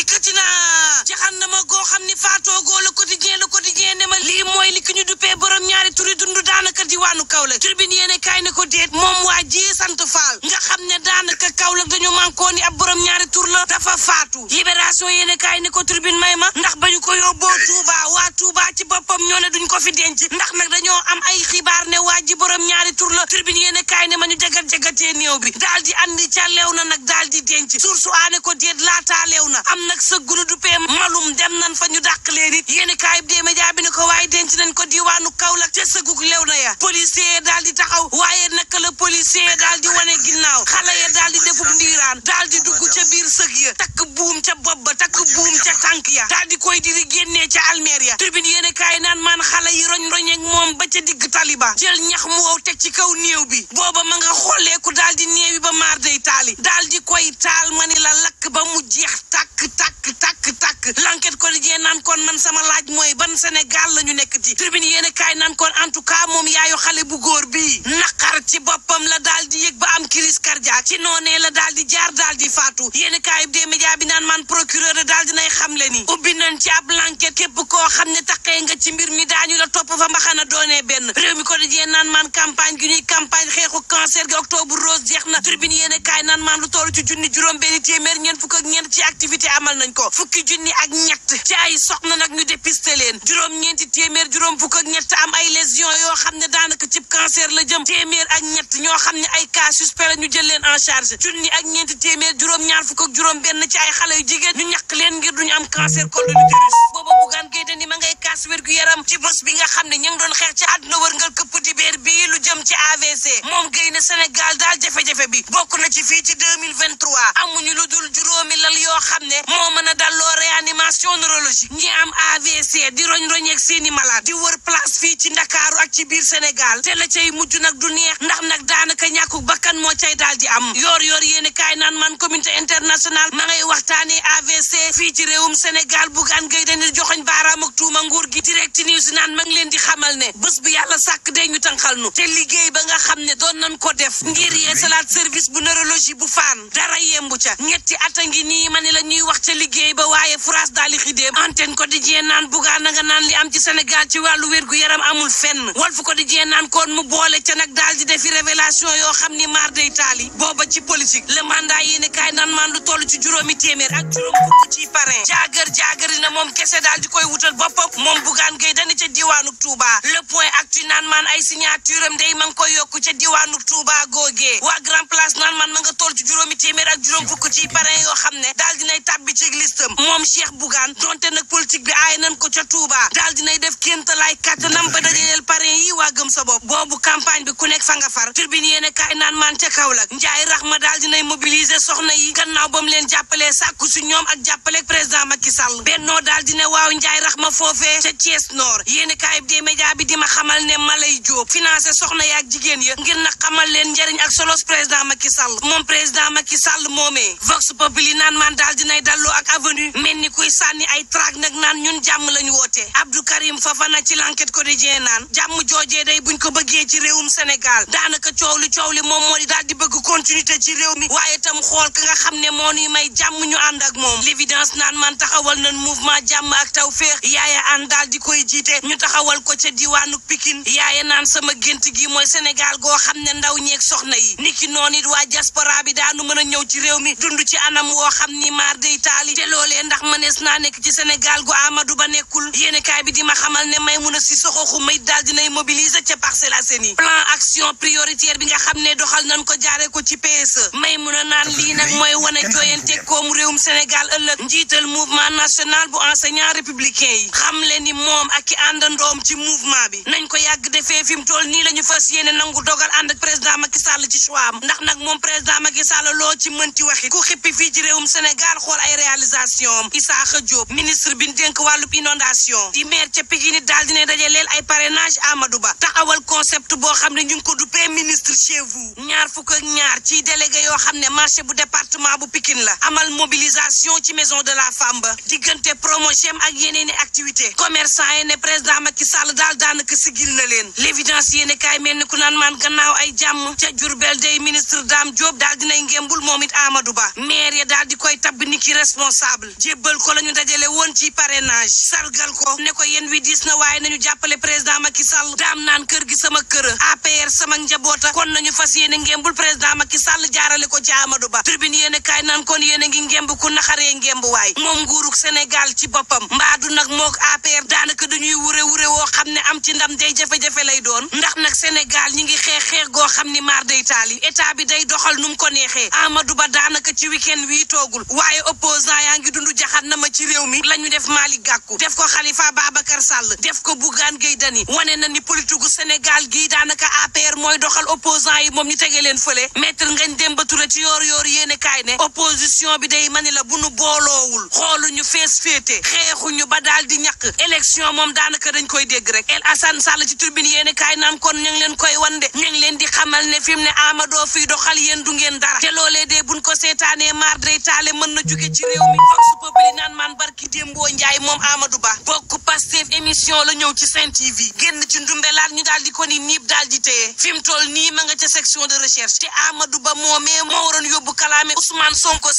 Katina! jaxannama goo xam ni faatoogoo le quotidien le quotidien ne ma lii mooy li ki ñu duppee borom ñaari turi dund daanaka diwaanu Kaolack turbine yéene kaay ne ko déet moom waa ji sant faal nga xam ne daanaka Kaolack dañu mànkoo ni ab borom ñaari tur la dafa faatu libération yéene kaay ne ko turbine may ma ndax ba ñu ko yóbboo Touba waa Touba ci boppam ñoo ne duñ ko fi denc ndax nag dañoo am ay xibaar ne waa ji borom ñaari tur la turbine yéene kaay ne ma ñu jagat jagatee néew bi daal ca leew na nag daal di denc sursu aane ko déet laataa leew na am nag sëggulu duppee malum dem nan fa ñu dàq leen it yéeni kaay bi dee média ko waaye denc nañ ko diwaanu Kaolack ca sëgug lew na ya policier daal taxaw waaye naka la policier daal di wane ginnaaw xale ya daal di ndiiraan daal dugg ca biir sëg ya takk buum ca bopp ba takk buum ca tànk ya daal di koy diri génnee ca almeer ya tribune yéeni kaay naan maan xale yi roñ-roñeeg moom ba ca digg taliba jël ñax mu wow teg ci kaw néew bi booba ma nga xolleeku daal di néew bi ba taal yi daal di koy taal ma ni la lakk ba mu jeex tàkk tàkk tàkk tàkk l'enquête quotidien naan kon man sama laaj mooy ban Sénégal la ñu nekk ci tribune yéen a kaay naan kon en tout cas moom yaayu xale bu góor bi naqar ci boppam la daal di yëg ba am crise cardiaque ci noonee la daal di jaar daal di faatu yéen a kaay des médias bi naan man procureur daal dinay xam le ni ubbi nañ ci ab l'enquête képp koo xam ne taqee nga ci mbir mi daañu la topp fa mbaxana doonee benn réew mi quotidien naan man campagne gi ñuy jeex na tribune kaay naan maan lu tollu ci junni juróom benn téeméer ñeent fukk ak ñeent ci activité amal nañ ko fukki junni ak ñett ci ay soxna nag ñu dépisté leen juróom ñeenti téeméer juróom fukk ak ñett am ay lésion yoo xam ne daanaka cib cancer la jëm téeméer ak ñett ñoo xam ne ay cas suspect la ñu jël leen en charge junni ak ñeenti téeméer juróom ñaar fukk ak juróom benn ci ay xale yu jigéen ñu ñàkk leen ngir duñu am cancer col de bugaan géy ni assurance wér gu yaram ci bés bi nga xam ne ñu ngi doon xeex ci àdduna wërngal këpp di beer bii lu jëm ci AVC moom géy na Sénégal daal jafe bi bokk na ci fii ci 2023 amuñu lu dul juróomi lal yoo xam ne moo mën a dalloo réanimation neurologique ñi am AVC di roñ-roñ ak seeni malade di wër place fii ci Ndakaaru ak ci biir Sénégal te la cay mujj nag du neex ndax nag daanaka ñàkku bakkan moo cay daal am yoor yoor yéen kaay naan man communauté international ma ngay waxtaanee AVC fii ci réewum Sénégal bugaan géy dañu joxoñ baaraam ak tuuma nguur nguur gi direct news naan ma ngi leen di xamal ne bés bu yàlla sàkk dee ñu tànqal te liggéey ba nga xam ne doon nañ ko def ngir yeesalaat service bu neurologie bu faan dara yembu ca ñetti at a ngi nii ma ne la ñuy wax ca liggéey ba waaye France daal di xideem antenne quotidien naan bugaa na nga naan li am ci Sénégal ci wàllu wér-gu-yaram amul fenn Walf Quotidien naan kon mu boole ca nag daal di defi révélation yoo xam ni maar day taali booba ci politique le mandat yéene kaay naan maan lu toll ci juróomi téeméer ak juróom fukk moom Bougane Gueye Dany ca diwaanu Touba le point actu naan maan ay signature am day ma ngi koy yokku ca diwaanu Touba googee waa grand place naan ma nga toll ci juróomi téeméer ak juróom fukk ci parrain yoo xam ne daal dinay tàbbi ci listam moom Cheikh Bougane donte nag politique bi aay nañ ko ca Touba daal dinay def kéntalaay kàttanam ba dajaleel parrain yi waa gëm sa bopp boobu campagne bi ku nekk fa nga far turbine yéene kaay naan maan ca Kaolack Njaay Rahma daal dinay mobiliser soxna yi gannaaw ba mu leen jàppalee sàkku su ñoom ak jàppale président Macky Sall bennoo ca Thiès Nord yéeni kaay bi dee média bi di ma xamal ne Malay Diop financé soxna ak jigéen ya ngir na xamal leen njariñ ak solos président makki Sall moom président Macky Sall moomee vox populi naan man daal nay dalloo ak avenue mel ni kuy sànni ay traag nag naan ñun jàmm lañu woote Abdou Karim Fafana ci l'enquête quotidien naan jàmm joojee day buñ ko bëggee ci réewum Sénégal daanaka coow li coow li moom moo di bëgg continuité ci réew mi waaye tam xool ka nga xam ne moo nuy may jàmm ñu ànd ak moom l'évidence naan man taxawal nañ mouvement jàmm ak taw daal di koy jiite ñu taxawal ko ca diwaanu Pikine yaaye naan sama gént gi mooy Sénégal goo xam ne ndaw ñeeg soxna yi niki noonu it waa diaspora bi daanu mën a ñëw ci réew mi dund ci anam woo xam ni maar day taali te loolee ndax mënees naa nekk ci Sénégal gu Amadou Ba nekkul yéene kaay bi di ma xamal ne may Maimouna Sissoko Khoumé daal dinay mobiliser ca Parcelles Assainies plan action prioritaire bi nga xam ne doxal nañ ko jaaree ko ci may e Maimouna naan lii nag mooy wane jooyante koomu réewum Sénégal ëllëg njiital mouvement national bu enseignant ni moom ak ci àndandoom ci mouvement bi nañ ko yàgg defee fi mu toll nii la ñu fas yéene nangu dogal ànd président Macky Sall ci choix am ndax nag moom président Macky Sall loo ci mënti waxi ku xippi fii ci réewum Sénégal xool ay réalisation am Isaaxa Diop ministre bi dénk wàllub inondation di maire ca Pikine daal dina dajaleel ay parrainage Amadou Ba taxawal concept boo xam ne ñu ngi ko duppee ministre chez vous ñaar fukk ñaar ci délégué yoo xam ne marché bu département bu Pikine la amal mobilisation ci maison de la femme ba diggante promotion ak yeneen i activité commerçant yi ne président Macky Sall daal daanaka sigil na leen l'évidence yéene kaay mel ni ku naan maan gannaaw ay jàmm ca Jurbel day ministre Dame Diop daal dinay ngémbul moom it Amadou Ba maire ya daal di koy tabb ni ki responsable jébbal ko la ñu dajale woon ci parrainage sargal ko ne ko yéen wi diis na waaye nañu jàppale président Macky Sall daam naan kër gi sama kër APR sama njaboota kon nañu fas yéene ngémbul président Macky Sall jaarale ko ci Amadou Ba tribune yéene kaay naan kon yéene ngi ngémb ku naxaree ngémb waay moom nguuruk Sénégal ci boppam APR daanaka dañuy wure wure woo xam ne am ci ndam day jafe-jafe lay doon ndax nag Sénégal ñi ngi xeex xeex goo xam ni maar day taal yi état bi day doxal nu mu ko neexee Amadou Ba daanaka ci week wii toogul waaye opposant yaa ngi dund jaxat na ma ci réew mi la ñu def Malick gàkku def ko Khalifa Babacar Sall def ko Bougane Gueye Dany wane na ni politique gu Sénégal gii daanaka APR mooy doxal opposant yi moom ñu tegee leen fële maître ngañ Demba Touré ci yoor yoor yéene kaay ne opposition bi day mani la bu nu booloowul xooluñu fees féete xeexuñu ba daal di ñàkk élection moom daanaka dañ koy dégg rek El Assane Sall ci turbine yéen i kaay naam kon ñu leen koy wan de ñu ngi leen di xamal ne fi mu ne Amadou fii doxal yéen du ngeen dara te loolee de buñ ko seetaanee maar day taale mën na jóge ci réew mi vox populi naan maan barki démboo njaay moom Amadou Ba bokk Pastef émission la ñëw ci Sen TV génn ci ndumbelaat ñu daal di ko ni niib daal di téye fi mu toll nii ma nga ca section de recherche te Amadou Ba moomee moo waroon yóbbu kalaame Ousmane Sonko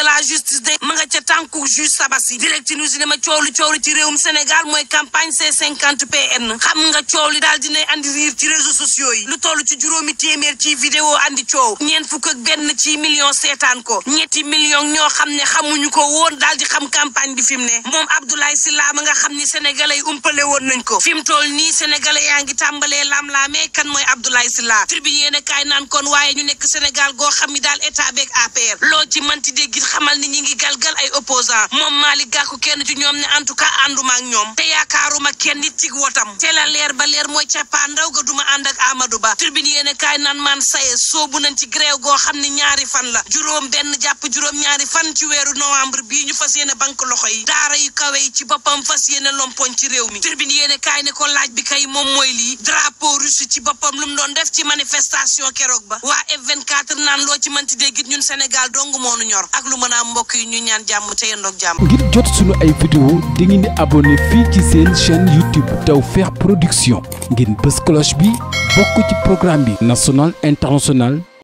a de la justice de ma nga ca tànku juge Sabassi direct news ne ma coow li coow li ci réewum Sénégal mooy campagne C50 PN xam nga coow li daal dina andi riir ci réseaux sociaux yi lu toll ci juróomi téeméer ci vidéo andi coow ñeent fukk ak benn ci million seetaan ko ñetti million ñoo xam ne xamuñu ko woon daal di xam campagne bi fi mu ne moom Abdoulaye Sylla ma nga xam ni sénégalais yi umpale woon nañ ko fi mu ni nii sénégalais yaa ngi tàmbalee lam-laamee kan mooy Abdoulaye Sylla tribune yéen a kaay naan kon waaye ñu nekk Sénégal goo xam ni daal état beeg APR loo ci xamal ni ñi ngi galgal ay opposant moom Malick Gakou kenn ci ñoom ne en tout cas ànduma ak ñoom te yaakaaruma kenn nit ci wotam te la leer ba leer mooy cappaandaw ga duma ànd ak Amadou Ba tribune yéene kaay naan man saye soobu nañ ci grève goo xam ne ñaari fan la juróom benn jàpp juróom ñaari fan ci weeru novembre bii ñu fas yéene banque loxo yi daara yu kawe yi ci boppam fas yéene lompoñ ci réew mi tribune yéene kaay ne ko laaj bi kay moom mooy lii drapeau russe ci boppam lu mu doon def ci manifestation keroog ba waa F24 naan loo ci mënti déggit ñun Sénégal dong moonu ñor ak maanaam mbokk yi ñu ñaan jàmm te yendoog jàmm. ngir jot sunu ay vidéo di ngeen di abonné fii ci seen chaîne YouTube Tawfekh Production ngeen bës cloche bi bokk ci programme bi national international.